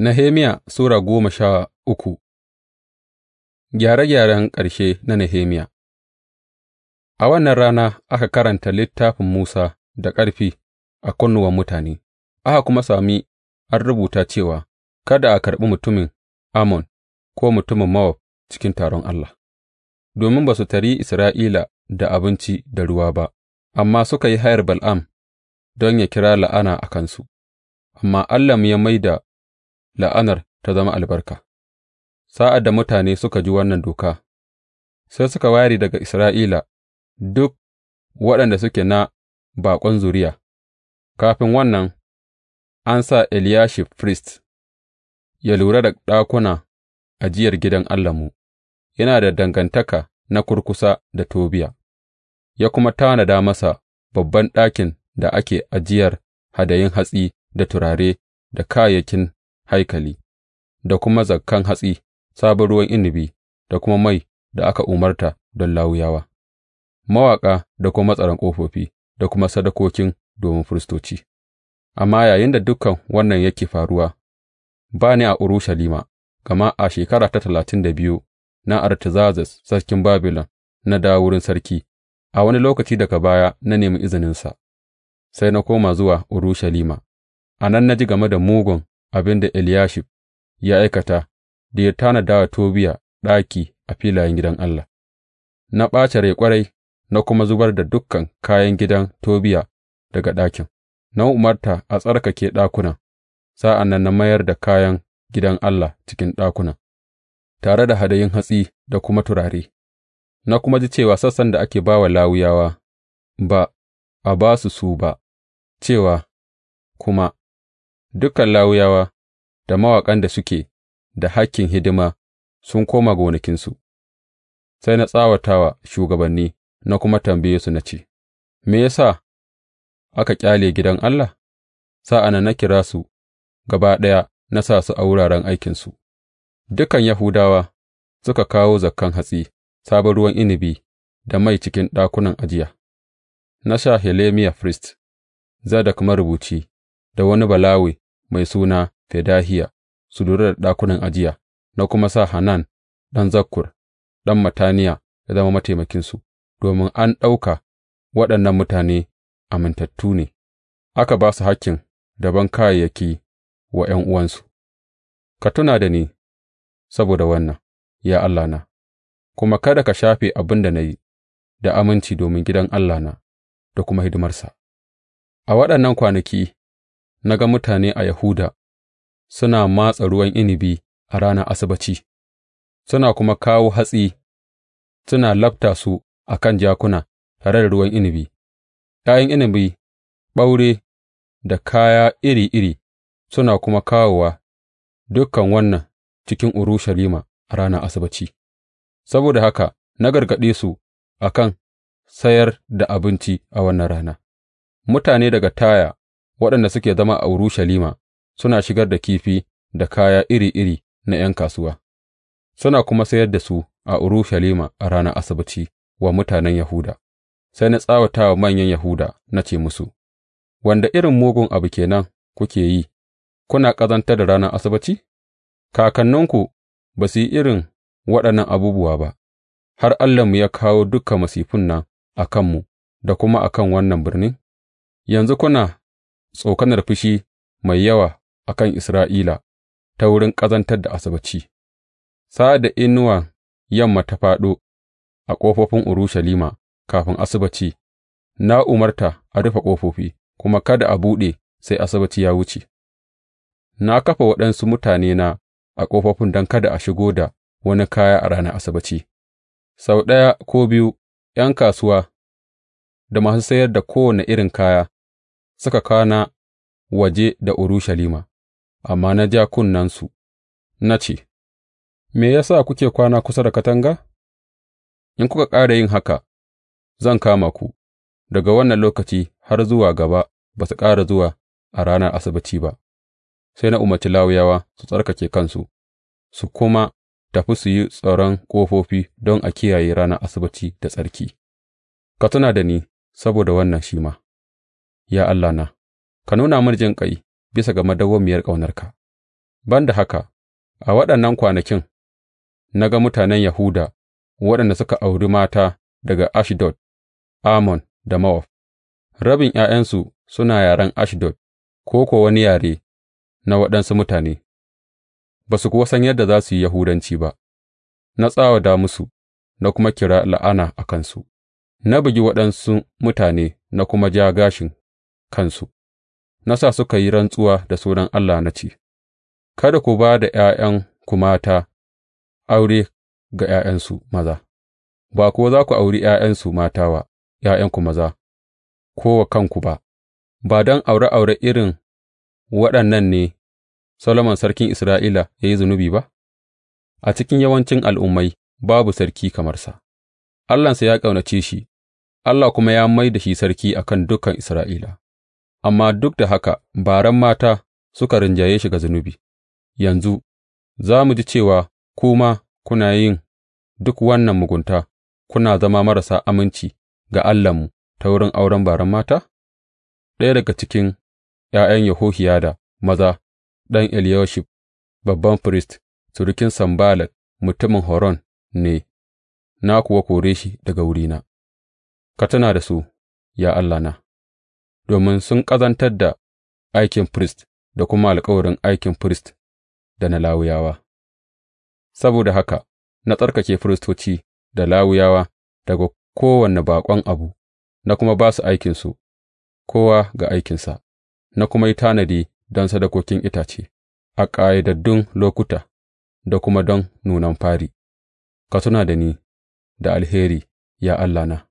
Nehemiya Sura goma sha uku Gyare gyaren ƙarshe na Nehemiya A wannan rana aka karanta littafin Musa da ƙarfi a kunnuwan mutane, aka kuma sami an rubuta cewa kada a karɓi mutumin Ammon ko mutumin Mawab cikin taron Allah, domin ba su tari Isra'ila da abinci da ruwa ba, amma suka yi hayar bal'am don ya kira la'ana a kansu, amma Allahnmu ya mai da la'anar ta zama albarka. Sa'ad da mutane suka ji wannan doka, sai suka wari daga Isra'ila duk waɗanda suke na baƙon zuriya, kafin wannan an sa Eliyashib firist ya lura da ɗakuna ajiyar gidan Allahnmu, yana da dangantaka na kurkusa da Tobiya, ya kuma tanada masa babban ɗakin da ake ajiyar hadayin hatsi da turare da kayayyakin haikali, da kuma zakan hatsi, sabon ruwan inabi, da kuma mai da aka umarta don Lawiyawa, mawaƙa da kuma matsaran ƙofofi, da kuma sadakokin domin firistoci. Amma da dukan wannan yake faruwa, ba ni a Urushalima, gama a shekara ta talatin da biyu na Artazazes sarkin Babilon na dawo wurin sarki, a wani lokaci daga baya na nemi izininsa, sai na koma zuwa Urushalima, a nan na ji game da mugun abin da Eliyashib ya aikata da ya tanada wa Tobiya ɗaki a filayen gidan Allah. Na ɓace rai ƙwarai, na kuma zubar da dukan kayan gidan Tobiya daga ɗakin, na umarta a tsarkake ɗakunan, sa'an nan na mayar da kayan gidan Allah cikin ɗakunan, tare da hadayin hatsi da kuma turare, na kuma ji cewa sassan da ake ba wa lawuyawa ba a ba su su ba, cewa kuma dukan Lawiyawa da mawaƙan da suke da hakkin hidima sun koma gonakinsu, sai na tsawata wa shugabanni na kuma tambaye su na ce, Me ya sa aka ƙyale gidan Allah? Sa'an na kira su gaba ɗaya na sa su a wuraren aikinsu, dukan Yahudawa suka kawo zakkan hatsi, sabon ruwan inabi da mai cikin ɗakunan ajiya, na sha Helemiya firist, Zadok marubuci, da wani Balawe mai suna Fedahiya su lura da ɗakunan ajiya, na kuma sa Hanan ɗan Zakkur, ɗan Mataniya ya zama mataimakinsu, domin an ɗauka waɗannan mutane amintattu ne, aka ba su hakkin daban kayayyaki wa ’yan'uwansu. Ka tuna da ni saboda wannan, ya Allahna, kuma kada ka shafe abin da na yi da aminci domin gidan Allahna da kuma hidimarsa. A waɗannan kwanaki na ga mutane a Yahuda suna matsa ruwan inibi a ranar Asabbaci, suna kuma kawo hatsi suna labta su a kan jakuna tare da ruwan inibi, ’ya'yan inibi, ɓaure da kaya iri iri suna kuma kawowa dukan wannan cikin Urushalima a ranar Asabbaci, saboda haka na gargaɗe su a kan sayar da abinci a wannan rana, mutane daga Taya. waɗanda suke zama a Urushalima suna shigar da kifi da kaya iri iri na ’yan kasuwa, suna kuma sayar da su a Urushalima a ranar Asabbaci wa mutanen Yahuda, sai na tsawata wa manyan Yahuda na ce musu, Wanda irin mugun abu kenan kuke yi, kuna ƙazantar da ranar Asabbaci? Kakanninku ba su yi irin waɗannan abubuwa ba, har Allahnmu ya kawo dukan masifun nan a kanmu da kuma a kan wannan birnin? Yanzu kuna tsokanar fushi mai yawa a kan Isra'ila ta wurin ƙazantar da Asabaci, sa'ad da inuwan yamma ta fāɗo a ƙofofin Urushalima kafin Asabaci, na umarta a rufe ƙofofi, kuma kada a buɗe sai Asabaci ya wuce. Na kafa waɗansu mutanena a ƙofofin don kada a shigo da wani kaya a ranar Asabaci, sau ɗaya ko biyu ’yan kasuwa da masu sayar da kowane irin kaya suka kwana waje da Urushalima, amma na ja kunnensu, na ce, Me ya sa kuke kwana kusa da katanga? In kuka ƙara yin haka, zan kama ku, daga wannan lokaci har zuwa gaba ba su ƙara zuwa a ranar asibiti ba, sai na umarci lawuyawa su tsarkake kansu, su kuma tafi su yi tsaron ƙofofi don a kiyaye ranar asibiti da tsarki. Ka tuna da ni saboda wannan shi ma. ya Allahna, ka nuna mini jinƙai bisa ga madawwamiyar ƙaunarka, ban da haka, a waɗannan kwanakin na ga mutanen Yahuda waɗanda suka auri mata daga Ashdod, Amon da Mawab, rabin ’ya'yansu suna yaren Ashdod ko kuwa wani yare na waɗansu mutane, ba su kuwa san yadda za su yi Yahudanci ba, na tsawada musu, na kuma kira la'ana a kansu, na bugi waɗansu mutane na kuma ja gashin kansu, na sa suka yi rantsuwa da sunan Allah na ce, Kada ku ba da 'ya'yan ’ya'yanku mata aure ga ’ya'yansu maza, ba kuwa za ku auri ’ya'yansu mata wa ’ya'yanku maza ko wa kanku ba, ba don aure-aure irin waɗannan ne Solomon sarkin Isra'ila ya yi zunubi ba? A cikin yawancin al'ummai babu sarki kamarsa, Allahnsa ya ƙaunace shi, Allah kuma ya mai da shi sarki a kan dukan Isra'ila. amma duk da haka baran mata suka rinjaye shi ga zunubi, yanzu za mu ji cewa ku ma kuna yin duk wannan mugunta, kuna zama marasa aminci ga Allahnmu ta wurin auren baran mata? Ɗaya daga cikin ’ya'yan da maza, ɗan Eliyashib, babban firist, surukin Sambalat, mutumin Horon ne, na kuwa kore shi daga wurina, ka tuna da su, ya Allahna. domin sun ƙazantar da aikin firist da kuma alkawarin aikin firist da na Lawiyawa. Saboda haka, na tsarkake firistoci da Lawiyawa daga kowane baƙon abu, na kuma ba su aikinsu, kowa ga aikinsa, na kuma yi tanadi don sadakokin itace, a ƙayyadaddun lokuta da kuma don nunan fari, ka tuna da ni da alheri, ya Allahna.